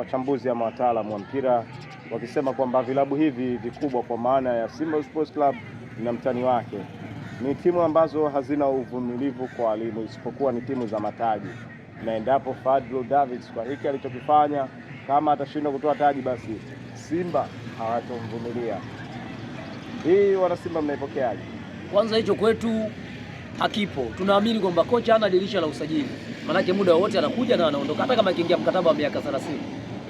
Wachambuzi ama wataalamu wa mpira wakisema kwamba vilabu hivi vikubwa kwa maana ya Simba Sports Club na mtani wake ni timu ambazo hazina uvumilivu kwa walimu, isipokuwa ni timu za mataji, na endapo Fadlu Davids kwa hiki alichokifanya, kama atashindwa kutoa taji, basi Simba hawatomvumilia. Hii wanasimba, mnaipokeaje? Kwanza hicho kwetu hakipo. Tunaamini kwamba kocha hana dirisha la usajili, maanake muda wowote anakuja na anaondoka, hata kama akiingia mkataba wa miaka 30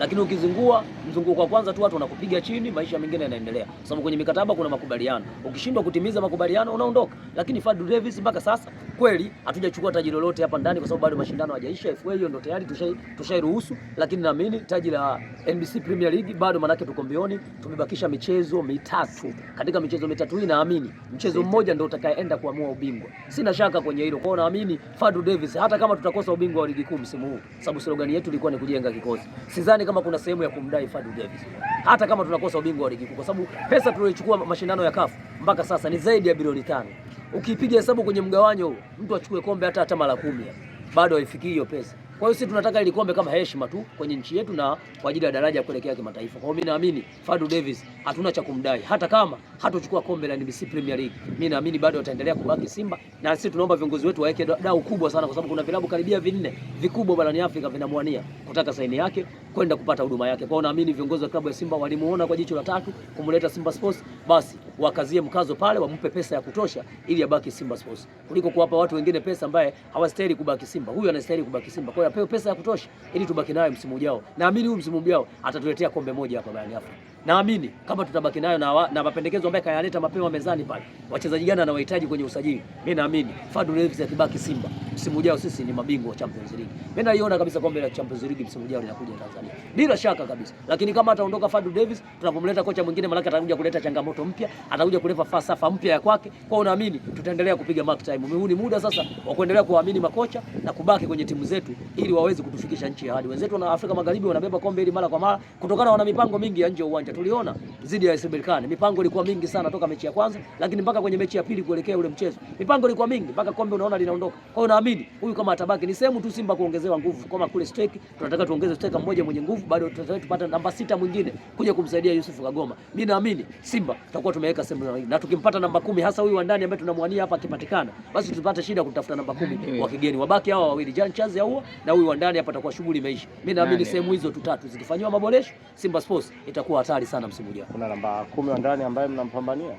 lakini ukizingua mzunguko wa kwanza tu watu wanakupiga chini, maisha mengine yanaendelea, kwa sababu kwenye mikataba kuna makubaliano. Ukishindwa kutimiza makubaliano unaondoka. Lakini Fadlu Davis mpaka sasa kweli hatujachukua taji lolote hapa ndani, kwa sababu bado mashindano hajaisha. FA hiyo ndio tayari tushairuhusu, lakini naamini taji la NBC Premier League bado, manake tuko mbioni. Tumebakisha michezo mitatu, katika michezo mitatu hii naamini mchezo mmoja ndio utakayeenda kuamua ubingwa. Sina shaka kwenye hilo, kwao naamini Fadlu Davis, hata kama tutakosa ubingwa wa ligi kuu msimu huu, sababu slogan yetu ilikuwa ni kujenga kikosi, sidhani kama kuna sehemu ya kumdai Fadlu Davis, hata kama tunakosa ubingwa wa ligi kuu, kwa sababu pesa tulioichukua mashindano ya CAF mpaka sasa ni zaidi ya bilioni tano. Ukipiga hesabu kwenye mgawanyo huu, mtu achukue kombe hata hata mara kumi bado haifikii hiyo pesa. Kwa hiyo sisi tunataka ili kombe kama heshima tu kwenye nchi yetu na kwa ajili ya daraja kuelekea kimataifa. Kwa hiyo mimi naamini Fadlu Davis hatuna cha kumdai, hata kama hatochukua kombe la NBC Premier League, mimi naamini bado ataendelea kubaki Simba, na sisi tunaomba viongozi wetu waweke dau kubwa sana, kwa sababu kuna vilabu karibia vinne vikubwa barani Afrika vinamwania kutaka saini yake kwenda kupata huduma yake. Kwa hiyo naamini viongozi wa klabu ya Simba walimuona kwa jicho la tatu kumleta Simba Sports, basi wakazie mkazo pale, wampe pesa ya kutosha ili abaki Simba Sports, kuliko kuwapa watu wengine pesa ambaye hawastahili kubaki Simba. Huyu anastahili kubaki Simba, kwa hiyo apewe pesa ya kutosha ili tubaki naye msimu ujao. Naamini huyu msimu ujao atatuletea kombe moja hapa barani Afrika naamini kama tutabaki nayo na, na mapendekezo ambayo kayaleta mapema mezani pale, wachezaji gani anawahitaji kwenye usajili, mimi naamini Fadlu Davids akibaki Simba msimu ujao sisi ni mabingwa wa Champions League. Mimi naiona kabisa kombe la Champions League msimu ujao linakuja Tanzania bila shaka kabisa, lakini kama ataondoka Fadlu Davids, tunapomleta kocha mwingine, maana atakuja kuleta changamoto mpya, atakuja kuleta falsafa mpya ya kwake. Kwa hiyo naamini tutaendelea kupiga mark time. Mimi ni muda sasa wa kuendelea kuamini makocha na kubaki kwenye timu zetu ili waweze kutufikisha nchi ya hadi. Wenzetu na Afrika Magharibi wanabeba kombe hili mara kwa mara kutokana wana mipango mingi ya nje ya uwanja yote tuliona dhidi ya Marekani. Mipango ilikuwa mingi sana toka mechi ya kwanza, lakini mpaka kwenye mechi ya pili kuelekea ule mchezo mipango ilikuwa mingi, mpaka kombe unaona linaondoka. Kwa hiyo naamini huyu kama atabaki ni sehemu tu Simba kuongezewa nguvu, kama kule stake tunataka tuongeze stake mmoja mwenye nguvu, bado tutaweza kupata namba sita mwingine kuja kumsaidia Yusuf Kagoma. Mimi naamini Simba tutakuwa tumeweka sehemu hii, na tukimpata namba kumi hasa huyu wa ndani ambaye tunamwania hapa akipatikana, basi tupate shida kutafuta namba kumi wa kigeni. Wabaki hawa wawili Jan Chazi au na huyu wa ndani hapa, atakuwa shughuli imeisha. Mimi naamini sehemu hizo tu tatu zikifanywa maboresho, Simba Sports itakuwa hatari mbali sana msimu ujao. Kuna namba kumi wa ndani ambaye mnampambania?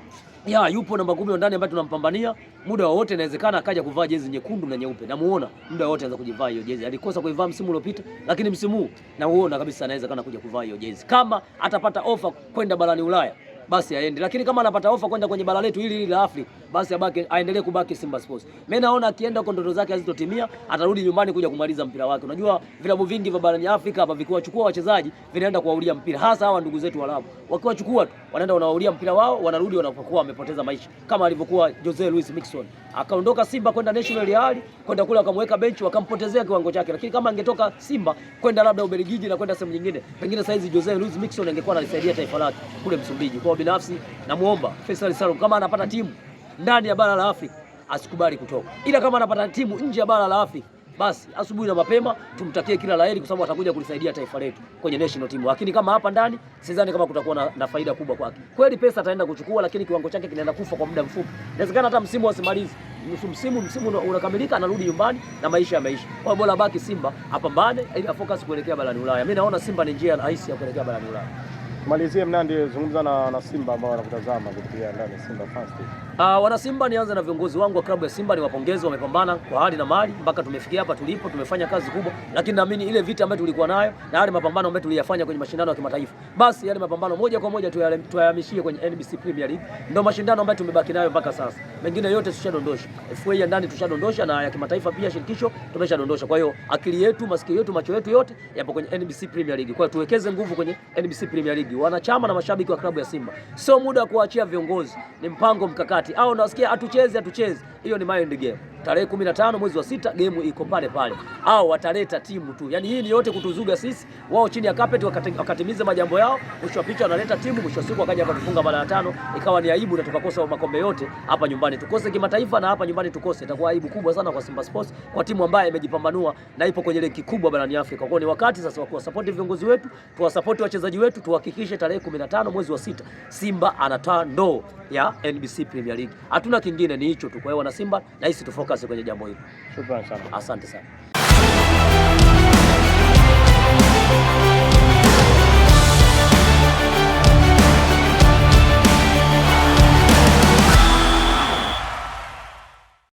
Ya, yupo namba kumi wa ndani ambaye tunampambania muda wowote, inawezekana akaja kuvaa jezi nyekundu na nyeupe. Namuona muda wowote anaweza kujivaa hiyo jezi. Alikosa kuivaa msimu uliopita, lakini msimu huu nauona kabisa anaweza kana kuja kuvaa hiyo jezi. Kama atapata ofa kwenda barani Ulaya, basi aende, lakini kama anapata ofa kwenda kwenye bara letu hili hili la Afrika basi abaki aendelee kubaki Simba Sports. Mimi naona akienda huko ndoto zake hazitotimia, atarudi nyumbani kuja kumaliza mpira wake. Unajua vilabu vingi vya barani Afrika hapa vikiwachukua wachezaji vinaenda kuwaulia mpira, hasa hawa ndugu zetu Waarabu. Wakiwachukua tu wanaenda wanawaulia mpira wao, wanarudi wanapokuwa wamepoteza maisha, kama alivyokuwa Jose Luis Mixon akaondoka Simba kwenda National Real kwenda kule akamweka benchi wakampotezea kiwango chake, lakini kama angetoka Simba kwenda labda Ubelgiji na kwenda sehemu nyingine, pengine saizi Jose Luis Mixon angekuwa analisaidia taifa lake kule Msumbiji. Kwa binafsi namuomba Faisal Salum kama anapata timu ndani ya bara la Afrika asikubali kutoka, ila kama anapata timu nje ya bara la Afrika basi asubuhi na mapema tumtakie kila laheri, kwa sababu atakuja kulisaidia taifa letu kwenye national team. Lakini kama hapa ndani, sidhani kama kutakuwa na, na faida kubwa kwake. Kweli pesa ataenda kuchukua, lakini kiwango chake kinaenda kufa kwa muda mfupi. Inawezekana hata msimu asimalize, nusu msimu, msimu unakamilika, anarudi nyumbani na maisha yameisha. Kwa bora baki Simba apambane, ili afocus kuelekea barani Ulaya. Mimi naona Simba ni njia rahisi ya kuelekea barani Ulaya. Malizie Mnandi, zungumza na, na Simba ambao wanakutazama kupitia ndani Simba Fast Uh, Simba, nianze na viongozi wangu wa klabu ya Simba ni wapongeze, wamepambana kwa hali na mali mpaka tumefikia hapa tulipo, tumefanya kazi kubwa, lakini naamini ile vita ambayo tulikuwa nayo na yale mapambano ambayo tuliyafanya kwenye mashindano ya kimataifa, basi yale mapambano moja kwa moja tuyahamishie kwenye NBC Premier League. Ndio mashindano ambayo tumebaki nayo mpaka sasa, mengine yote tushadondosha. FA ya ndani tushadondosha, na ya kimataifa pia shirikisho tumeshadondosha. Kwa hiyo akili yetu, masikio yetu, macho yetu yote yapo kwenye NBC Premier League. Kwa hiyo tuwekeze nguvu kwenye NBC Premier League, wanachama na mashabiki wa klabu ya Simba, sio muda wa kuachia viongozi, ni mpango mkakati basi au unasikia atucheze atucheze, hiyo ni mind game. Tarehe 15 mwezi wa sita game iko pale pale, au wataleta timu tu. Yani hii ni yote kutuzuga sisi, wao chini ya carpet wakatimiza majambo yao, mwisho wa picha wanaleta timu, mwisho wa siku wakaja akatufunga mara ya tano, ikawa ni aibu na tukakosa makombe yote hapa nyumbani, tukose kimataifa na hapa nyumbani tukose. Itakuwa aibu kubwa sana kwa Simba Sports, kwa timu ambayo imejipambanua na ipo kwenye ligi kubwa barani Afrika. Kwa ni wakati sasa wa kuwasupport viongozi wetu, tuwasupport wachezaji wetu, tuhakikishe tarehe 15 mwezi wa sita Simba anatoa ndoo ya NBC Premier vya ligi. Hatuna kingine, ni hicho tu. Kwa hiyo wana Simba, na hisi tufocus kwenye jambo hili. Shukrani sana, asante sana.